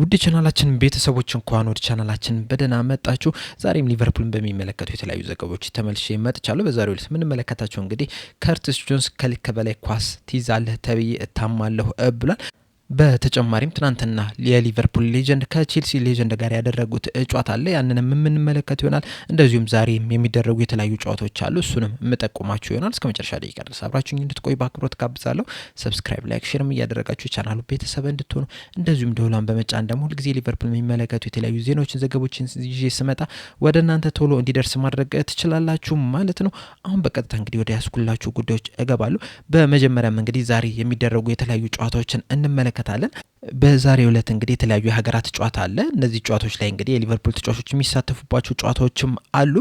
ውድ ቻናላችን ቤተሰቦች እንኳን ወደ ቻናላችን በደህና መጣችሁ። ዛሬም ሊቨርፑልን በሚመለከቱ የተለያዩ ዘገባዎች ተመልሼ መጥቻለሁ። በዛሬው ዕለት የምንመለከታቸው እንግዲህ ከርቲስ ጆንስ ከልክ በላይ ኳስ ትይዛለህ ተብዬ እታማለሁ ብሏል። በተጨማሪም ትናንትና የሊቨርፑል ሌጀንድ ከቼልሲ ሌጀንድ ጋር ያደረጉት ጨዋታ አለ። ያንንም የምንመለከት ይሆናል። እንደዚሁም ዛሬም የሚደረጉ የተለያዩ ጨዋታዎች አሉ። እሱንም የምጠቁማችሁ ይሆናል። እስከ መጨረሻ ደቂቃ ድረስ አብራችሁኝ እንድትቆይ በአክብሮት ጋብዛለሁ። ሰብስክራይብ፣ ላይክ፣ ሼርም እያደረጋችሁ ቻናሉ ቤተሰብ እንድትሆኑ እንደዚሁም ደውላን በመጫን ደግሞ ሁልጊዜ ሊቨርፑል የሚመለከቱ የተለያዩ ዜናዎችን፣ ዘገቦችን ይዤ ስመጣ ወደ እናንተ ቶሎ እንዲደርስ ማድረግ ትችላላችሁ ማለት ነው። አሁን በቀጥታ እንግዲህ ወደ ያስኩላችሁ ጉዳዮች እገባሉ። በመጀመሪያም እንግዲህ ዛሬ የሚደረጉ የተለያዩ ጨዋታዎችን እንመለከ እንመለከታለን። በዛሬ ዕለት እንግዲህ የተለያዩ የሀገራት ጨዋታ አለ። እነዚህ ጨዋታዎች ላይ እንግዲህ የሊቨርፑል ተጫዋቾች የሚሳተፉባቸው ጨዋታዎችም አሉ።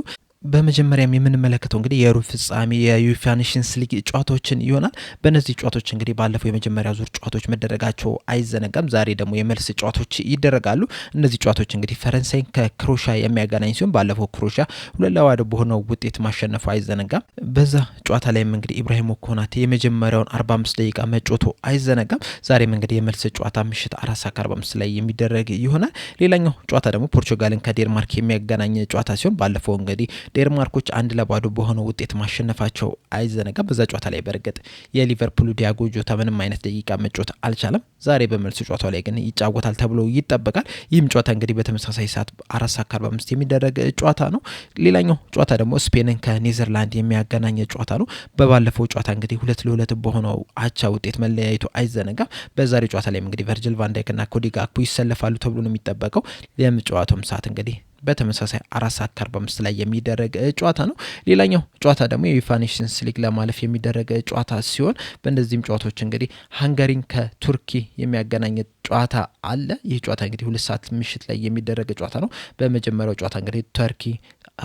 በመጀመሪያም የምንመለከተው እንግዲህ የሩብ ፍጻሜ የዩፋ ኔሽንስ ሊግ ጨዋታዎችን ይሆናል። በእነዚህ ጨዋታዎች እንግዲህ ባለፈው የመጀመሪያ ዙር ጨዋታዎች መደረጋቸው አይዘነጋም። ዛሬ ደግሞ የመልስ ጨዋታዎች ይደረጋሉ። እነዚህ ጨዋታዎች እንግዲህ ፈረንሳይን ከክሮሻ የሚያገናኝ ሲሆን ባለፈው ክሮሻ ሁለት ለባዶ በሆነው ውጤት ማሸነፉ አይዘነጋም። በዛ ጨዋታ ላይም እንግዲህ ኢብራሂሞ ኮናቴ የመጀመሪያውን 45 ደቂቃ መጮቶ አይዘነጋም። ዛሬም እንግዲህ የመልስ ጨዋታ ምሽት አራት ሰዓት ከ45 ላይ የሚደረግ ይሆናል። ሌላኛው ጨዋታ ደግሞ ፖርቹጋልን ከዴንማርክ የሚያገናኝ ጨዋታ ሲሆን ባለፈው እንግዲህ ዴንማርኮች አንድ ለባዶ በሆነ ውጤት ማሸነፋቸው አይዘነጋም። በዛ ጨዋታ ላይ በእርግጥ የሊቨርፑል ዲያጎ ጆታ ምንም አይነት ደቂቃ መጫወት አልቻለም። ዛሬ በመልሱ ጨዋታው ላይ ግን ይጫወታል ተብሎ ይጠበቃል። ይህም ጨዋታ እንግዲህ በተመሳሳይ ሰዓት አራት ሰዓት ከአርባ አምስት የሚደረግ ጨዋታ ነው። ሌላኛው ጨዋታ ደግሞ ስፔንን ከኔዘርላንድ የሚያገናኘ ጨዋታ ነው። በባለፈው ጨዋታ እንግዲህ ሁለት ለሁለት በሆነው አቻ ውጤት መለያየቱ አይዘነጋም። በዛሬ ጨዋታ ላይም እንግዲህ ቨርጅል ቫንዳይክና ኮዲ ጋክፖ ይሰለፋሉ ተብሎ ነው የሚጠበቀው። የጨዋታውም ሰዓት እንግዲህ በተመሳሳይ አራት ሰዓት ከአርባ አምስት ላይ የሚደረግ ጨዋታ ነው። ሌላኛው ጨዋታ ደግሞ የዩፋ ኔሽንስ ሊግ ለማለፍ የሚደረግ ጨዋታ ሲሆን በእነዚህም ጨዋታዎች እንግዲህ ሃንጋሪን ከቱርኪ የሚያገናኝ ጨዋታ አለ። ይህ ጨዋታ እንግዲህ ሁለት ሰዓት ምሽት ላይ የሚደረግ ጨዋታ ነው። በመጀመሪያው ጨዋታ እንግዲህ ቱርኪ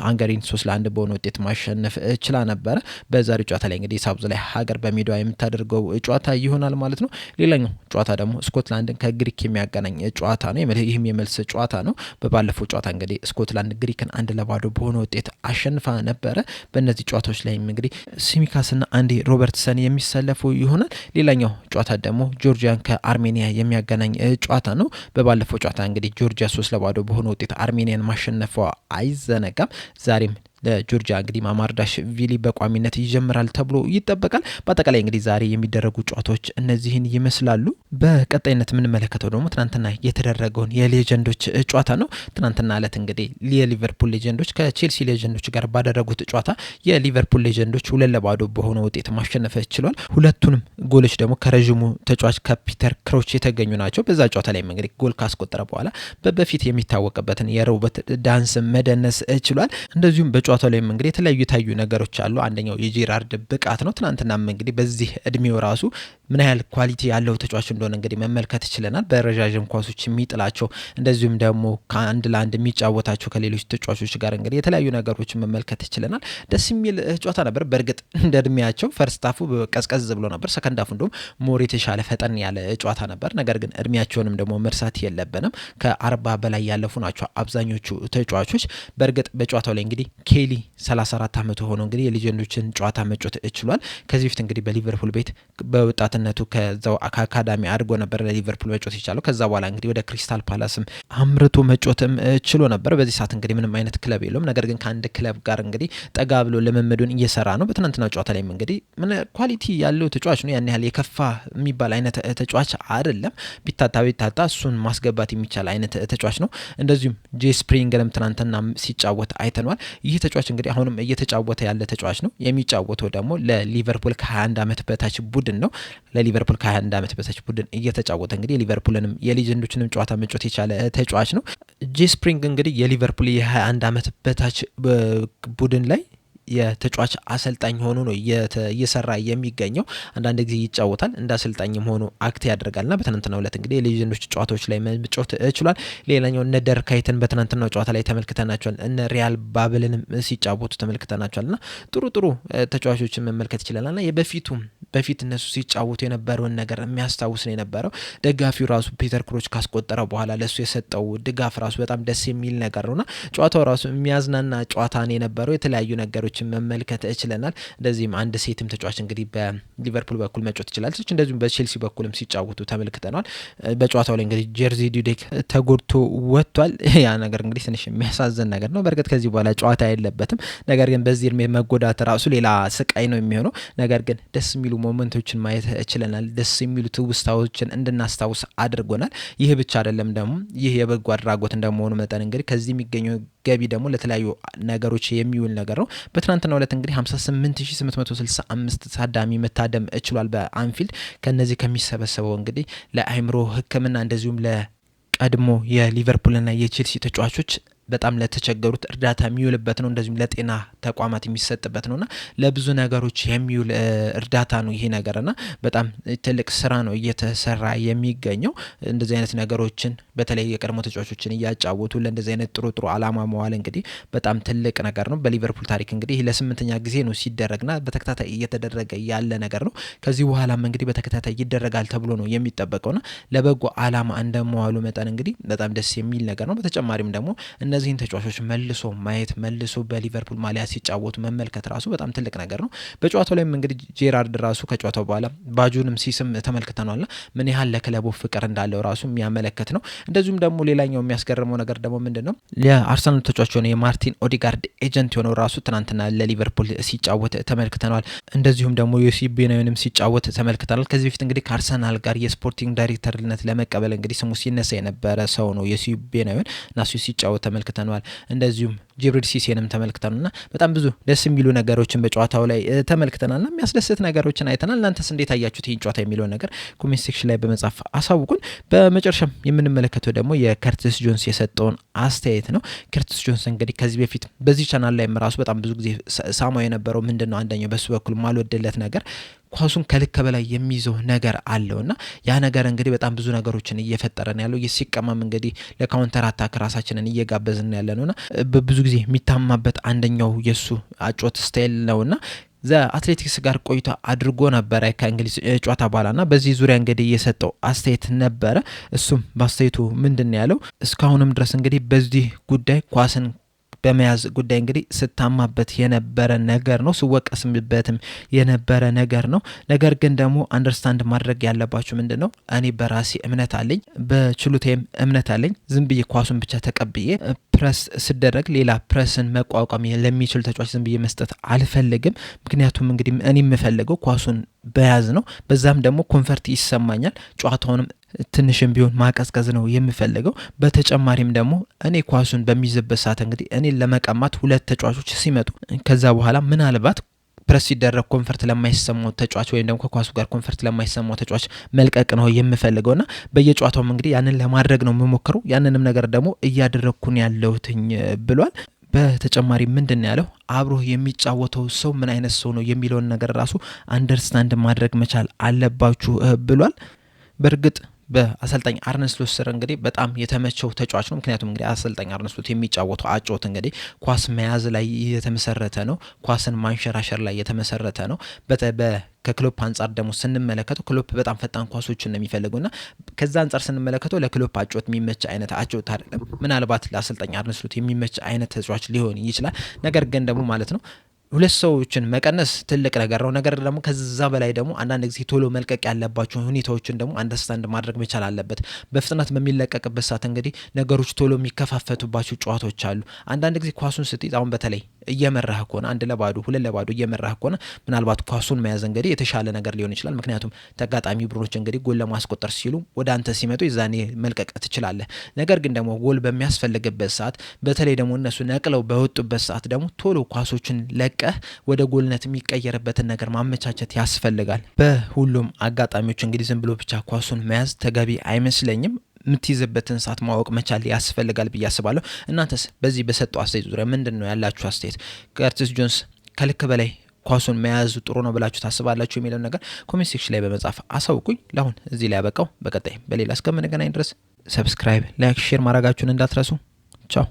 አንገሪን ሶስት ለአንድ በሆነ ውጤት ማሸነፍ ችላ ነበረ። በዛሬው ጨዋታ ላይ እንግዲህ ሳብዝ ላይ ሀገር በሜዳ የምታደርገው ጨዋታ ይሆናል ማለት ነው። ሌላኛው ጨዋታ ደግሞ ስኮትላንድን ከግሪክ የሚያገናኝ ጨዋታ ነው። ይህም የመልስ ጨዋታ ነው። በባለፈው ጨዋታ እንግዲህ ስኮትላንድ ግሪክን አንድ ለባዶ በሆነ ውጤት አሸንፋ ነበረ። በእነዚህ ጨዋታዎች ላይም እንግዲህ ሲሚካስና አንዲ ሮበርትሰን የሚሰለፉ ይሆናል። ሌላኛው ጨዋታ ደግሞ ጆርጂያን ከአርሜኒያ የሚያገናኝ ጨዋታ ነው። በባለፈው ጨዋታ እንግዲህ ጆርጂያ ሶስት ለባዶ በሆነ ውጤት አርሜኒያን ማሸነፏ አይዘነጋም። زاري من ለጆርጂያ እንግዲህ ቪሊ በቋሚነት ይጀምራል ተብሎ ይጠበቃል። በአጠቃላይ እንግዲህ ዛሬ የሚደረጉ ጨዋታዎች እነዚህን ይመስላሉ። በቀጣይነት የምንመለከተው ደግሞ ትናንትና የተደረገውን የሌጀንዶች ጨዋታ ነው። ትናንትና ለት እንግዲህ የሊቨርፑል ሌጀንዶች ከቼልሲ ሌጀንዶች ጋር ባደረጉት ጨዋታ የሊቨርፑል ሌጀንዶች ሁለት ለባዶ በሆነ ውጤት ማሸነፍ ችሏል። ሁለቱንም ጎሎች ደግሞ ከረዥሙ ተጫዋች ከፒተር ክሮች የተገኙ ናቸው። በዛ ጨዋታ ላይም እንግዲህ ጎል ካስቆጠረ በኋላ በበፊት የሚታወቅበትን የረውበት ዳንስ መደነስ ችሏል። እንደዚሁም በጨዋታ በጨዋታው ላይም እንግዲህ የተለያዩ የታዩ ነገሮች አሉ። አንደኛው የጄራርድ ብቃት ነው። ትናንትናም እንግዲህ በዚህ እድሜው ራሱ ምን ያህል ኳሊቲ ያለው ተጫዋች እንደሆነ እንግዲህ መመልከት ይችለናል። በረዣዥም ኳሶች የሚጥላቸው እንደዚሁም ደግሞ ከአንድ ለአንድ የሚጫወታቸው ከሌሎች ተጫዋቾች ጋር እንግዲህ የተለያዩ ነገሮችን መመልከት ይችለናል። ደስ የሚል ጨዋታ ነበር። በእርግጥ እንደ እድሜያቸው ፈርስታፉ ቀዝቀዝ ብሎ ነበር። ሰከንዳፉ እንዲሁም ሞር የተሻለ ፈጠን ያለ ጨዋታ ነበር። ነገር ግን እድሜያቸውንም ደግሞ መርሳት የለብንም። ከአርባ በላይ ያለፉ ናቸው አብዛኞቹ ተጫዋቾች። በእርግጥ በጨዋታው ላይ እንግዲህ ዴሊ 34 ዓመቱ ሆኖ እንግዲህ የሌጀንዶችን ጨዋታ መጮት እችሏል። ከዚህ በፊት እንግዲህ በሊቨርፑል ቤት በወጣትነቱ ከዛው ከአካዳሚ አድርጎ ነበር ለሊቨርፑል መጮት የቻለው። ከዛ በኋላ እንግዲህ ወደ ክሪስታል ፓላስም አምርቶ መጮትም ችሎ ነበር። በዚህ ሰዓት እንግዲህ ምንም አይነት ክለብ የለውም። ነገር ግን ከአንድ ክለብ ጋር እንግዲህ ጠጋ ብሎ ልምምዱን እየሰራ ነው። በትናንትናው ጨዋታ ላይም እንግዲህ ምን ኳሊቲ ያለው ተጫዋች ነው። ያን ያህል የከፋ የሚባል አይነት ተጫዋች አይደለም። ቢታታ ቢታታ እሱን ማስገባት የሚቻል አይነት ተጫዋች ነው። እንደዚሁም ጄ ስፕሪንግንም ትናንትና ሲጫወት አይተነዋል። ይህ ተጫዋች እንግዲህ አሁንም እየተጫወተ ያለ ተጫዋች ነው። የሚጫወተው ደግሞ ለሊቨርፑል ከ21 ዓመት በታች ቡድን ነው። ለሊቨርፑል ከ21 ዓመት በታች ቡድን እየተጫወተ እንግዲህ የሊቨርፑልንም የሌጀንዶችንም ጨዋታ መጫወት የቻለ ተጫዋች ነው። ጄ ስፕሪንግ እንግዲህ የሊቨርፑል የ21 ዓመት በታች ቡድን ላይ የተጫዋች አሰልጣኝ ሆኖ ነው እየሰራ የሚገኘው። አንዳንድ ጊዜ ይጫወታል እንደ አሰልጣኝም ሆኖ አክት ያደርጋል ና በትናንትናው ዕለት እንግዲህ የሌጀንዶች ጨዋታዎች ላይ መጫወት ችሏል። ሌላኛው እነ ደርካይትን በትናንትናው ጨዋታ ላይ ተመልክተናቸዋል። እነ ሪያል ባብልንም ሲጫወቱ ተመልክተናቸዋል ና ጥሩ ጥሩ ተጫዋቾችን መመልከት ይችላል ና የበፊቱ በፊት እነሱ ሲጫወቱ የነበረውን ነገር የሚያስታውስ ነው የነበረው። ደጋፊው ራሱ ፒተር ክሮች ካስቆጠረው በኋላ ለእሱ የሰጠው ድጋፍ ራሱ በጣም ደስ የሚል ነገር ነውና ጨዋታው ራሱ የሚያዝናና ጨዋታ ነው የነበረው የተለያዩ ነገሮች ተጫዋቾችን መመልከት እችለናል። እንደዚህም አንድ ሴትም ተጫዋች እንግዲህ በሊቨርፑል በኩል መጫወት ትችላለች። እንደዚሁም በቼልሲ በኩልም ሲጫወቱ ተመልክተናል። በጨዋታው ላይ እንግዲህ ጀርዚ ዱዴክ ተጎድቶ ወጥቷል። ያ ነገር እንግዲህ ትንሽ የሚያሳዝን ነገር ነው። በእርግጥ ከዚህ በኋላ ጨዋታ የለበትም። ነገር ግን በዚህ እድሜ መጎዳት ራሱ ሌላ ስቃይ ነው የሚሆነው። ነገር ግን ደስ የሚሉ ሞመንቶችን ማየት እችለናል። ደስ የሚሉ ትውስታዎችን እንድናስታውስ አድርጎናል። ይህ ብቻ አይደለም ደግሞ ይህ የበጎ አድራጎት እንደመሆኑ መጠን እንግዲህ ከዚህ የሚገኘው ገቢ ደግሞ ለተለያዩ ነገሮች የሚውል ነገር ነው። በትናንትናው ዕለት እንግዲህ 58865 ታዳሚ መታደም እችሏል በአንፊልድ። ከነዚህ ከሚሰበሰበው እንግዲህ ለአይምሮ ሕክምና እንደዚሁም ለቀድሞ የሊቨርፑልና የቼልሲ ተጫዋቾች በጣም ለተቸገሩት እርዳታ የሚውልበት ነው። እንደዚሁም ለጤና ተቋማት የሚሰጥበት ነው እና ለብዙ ነገሮች የሚውል እርዳታ ነው ይሄ ነገር እና በጣም ትልቅ ስራ ነው እየተሰራ የሚገኘው። እንደዚህ አይነት ነገሮችን በተለይ የቀድሞ ተጫዋቾችን እያጫወቱ ለእንደዚህ አይነት ጥሩ ጥሩ አላማ መዋል እንግዲህ በጣም ትልቅ ነገር ነው። በሊቨርፑል ታሪክ እንግዲህ ለስምንተኛ ጊዜ ነው ሲደረግና በተከታታይ እየተደረገ ያለ ነገር ነው። ከዚህ በኋላም እንግዲህ በተከታታይ ይደረጋል ተብሎ ነው የሚጠበቀውና ለበጎ አላማ እንደመዋሉ መጠን እንግዲህ በጣም ደስ የሚል ነገር ነው። በተጨማሪም ደግሞ እነዚህን ተጫዋቾች መልሶ ማየት መልሶ በሊቨርፑል ማሊያ ሲጫወቱ መመልከት ራሱ በጣም ትልቅ ነገር ነው። በጨዋታው ላይም እንግዲህ ጄራርድ ራሱ ከጨዋታው በኋላ ባጁንም ሲስም ተመልክተኗልና ምን ያህል ለክለቡ ፍቅር እንዳለው ራሱ የሚያመለክት ነው። እንደዚሁም ደግሞ ሌላኛው የሚያስገርመው ነገር ደግሞ ምንድን ነው የአርሰናል ተጫዋች የሆነ የማርቲን ኦዲጋርድ ኤጀንት የሆነው ራሱ ትናንትና ለሊቨርፑል ሲጫወት ተመልክተነዋል። እንደዚሁም ደግሞ ዮሲ ቤናዊንም ሲጫወት ተመልክተናል። ከዚህ በፊት እንግዲህ ከአርሰናል ጋር የስፖርቲንግ ዳይሬክተርነት ለመቀበል እንግዲህ ስሙ ሲነሳ የነበረ ሰው ነው ዮሲ ቤናዊን ናሱ ሲጫወት ተመልክ ተመልክተነዋል። እንደዚሁም ጅብሪል ሲሴንም ተመልክተናል እና በጣም ብዙ ደስ የሚሉ ነገሮችን በጨዋታው ላይ ተመልክተናል እና የሚያስደስት ነገሮችን አይተናል። እናንተስ እንዴት አያችሁት ይህን ጨዋታ የሚለውን ነገር ኮሜንት ሴክሽን ላይ በመጻፍ አሳውቁን። በመጨረሻም የምንመለከተው ደግሞ የከርትስ ጆንስ የሰጠውን አስተያየት ነው። ከርትስ ጆንስ እንግዲህ ከዚህ በፊት በዚህ ቻናል ላይም ራሱ በጣም ብዙ ጊዜ ሳማው የነበረው ምንድን ነው አንደኛው በሱ በኩል ማልወደለት ነገር ኳሱን ከልክ በላይ የሚይዘው ነገር አለው እና ያ ነገር እንግዲህ በጣም ብዙ ነገሮችን እየፈጠረን ያለው ሲቀመም እንግዲህ ለካውንተር አታክ ራሳችንን እየጋበዝን ያለ ነውና በብዙ ጊዜ የሚታማበት አንደኛው የእሱ አጮት ስታይል ነውና አትሌቲክስ ጋር ቆይታ አድርጎ ነበረ ከእንግሊዝ ጨዋታ በኋላ ና በዚህ ዙሪያ እንግዲህ የሰጠው አስተያየት ነበረ። እሱም በአስተያየቱ ምንድን ነው ያለው? እስካሁንም ድረስ እንግዲህ በዚህ ጉዳይ ኳስን በመያዝ ጉዳይ እንግዲህ ስታማበት የነበረ ነገር ነው፣ ስወቀስምበትም የነበረ ነገር ነው። ነገር ግን ደግሞ አንደርስታንድ ማድረግ ያለባችሁ ምንድን ነው እኔ በራሴ እምነት አለኝ፣ በችሎታዬም እምነት አለኝ። ዝም ብዬ ኳሱን ብቻ ተቀብዬ ፕረስ ስደረግ ሌላ ፕረስን መቋቋም ለሚችል ተጫዋች ዝም ብዬ መስጠት አልፈልግም። ምክንያቱም እንግዲህ እኔ የምፈልገው ኳሱን በያዝ ነው። በዛም ደግሞ ኮንፈርት ይሰማኛል። ጨዋታውንም ትንሽም ቢሆን ማቀዝቀዝ ነው የምፈልገው። በተጨማሪም ደግሞ እኔ ኳሱን በሚይዝበት ሰዓት እንግዲህ እኔ ለመቀማት ሁለት ተጫዋቾች ሲመጡ ከዛ በኋላ ምናልባት ፕረስ ሲደረግ ኮንፈርት ለማይሰማው ተጫዋች ወይም ደግሞ ከኳሱ ጋር ኮንፈርት ለማይሰማው ተጫዋች መልቀቅ ነው የምፈልገው እና በየጨዋታውም እንግዲህ ያንን ለማድረግ ነው የምሞክረው። ያንንም ነገር ደግሞ እያደረግኩን ያለሁትኝ ብሏል። በተጨማሪ ምንድን ነው ያለው? አብሮ የሚጫወተው ሰው ምን አይነት ሰው ነው የሚለውን ነገር ራሱ አንደርስታንድ ማድረግ መቻል አለባችሁ ብሏል። በእርግጥ በአሰልጣኝ አርነስሎት ስር እንግዲህ በጣም የተመቸው ተጫዋች ነው። ምክንያቱም እንግዲህ አሰልጣኝ አርነስሎት የሚጫወተው አጮት እንግዲህ ኳስ መያዝ ላይ የተመሰረተ ነው። ኳስን ማንሸራሸር ላይ የተመሰረተ ነው። ከክሎፕ አንጻር ደግሞ ስንመለከተው ክሎፕ በጣም ፈጣን ኳሶችን ነው የሚፈልገው እና ከዛ አንጻር ስንመለከተው ለክሎፕ አጮት የሚመች አይነት አጮት አይደለም። ምናልባት ለአሰልጣኝ አርነስሎት የሚመች አይነት ተጫዋች ሊሆን ይችላል። ነገር ግን ደግሞ ማለት ነው ሁለት ሰዎችን መቀነስ ትልቅ ነገር ነው። ነገር ደግሞ ከዛ በላይ ደግሞ አንዳንድ ጊዜ ቶሎ መልቀቅ ያለባቸው ሁኔታዎችን ደግሞ አንደርስታንድ ማድረግ መቻል አለበት። በፍጥነት በሚለቀቅበት ሰዓት እንግዲህ ነገሮች ቶሎ የሚከፋፈቱባቸው ጨዋታዎች አሉ። አንዳንድ ጊዜ ኳሱን ስትይዝ አሁን በተለይ እየመራህ ከሆነ አንድ ለባዶ ሁለት ለባዶ እየመራህ ከሆነ ምናልባት ኳሱን መያዝ እንግዲህ የተሻለ ነገር ሊሆን ይችላል። ምክንያቱም ተጋጣሚ ቡድኖች እንግዲህ ጎል ለማስቆጠር ሲሉ ወደ አንተ ሲመጡ የዛኔ መልቀቅ ትችላለህ። ነገር ግን ደግሞ ጎል በሚያስፈልግበት ሰዓት፣ በተለይ ደግሞ እነሱ ነቅለው በወጡበት ሰዓት ደግሞ ቶሎ ኳሶችን ለቀህ ወደ ጎልነት የሚቀየርበትን ነገር ማመቻቸት ያስፈልጋል። በሁሉም አጋጣሚዎች እንግዲህ ዝም ብሎ ብቻ ኳሱን መያዝ ተገቢ አይመስለኝም። የምትይዝበትን ሰዓት ማወቅ መቻል ያስፈልጋል ብዬ አስባለሁ። እናንተስ በዚህ በሰጠው አስተያየት ዙሪያ ምንድን ነው ያላችሁ አስተያየት? ከርቲስ ጆንስ ከልክ በላይ ኳሱን መያዙ ጥሩ ነው ብላችሁ ታስባላችሁ የሚለውን ነገር ኮሜንት ሴክሽን ላይ በመጻፍ አሳውቁኝ። ለአሁን እዚህ ላይ ያበቃው። በቀጣይ በሌላ እስከምንገናኝ ድረስ ሰብስክራይብ፣ ላይክ፣ ሼር ማድረጋችሁን እንዳትረሱ። ቻው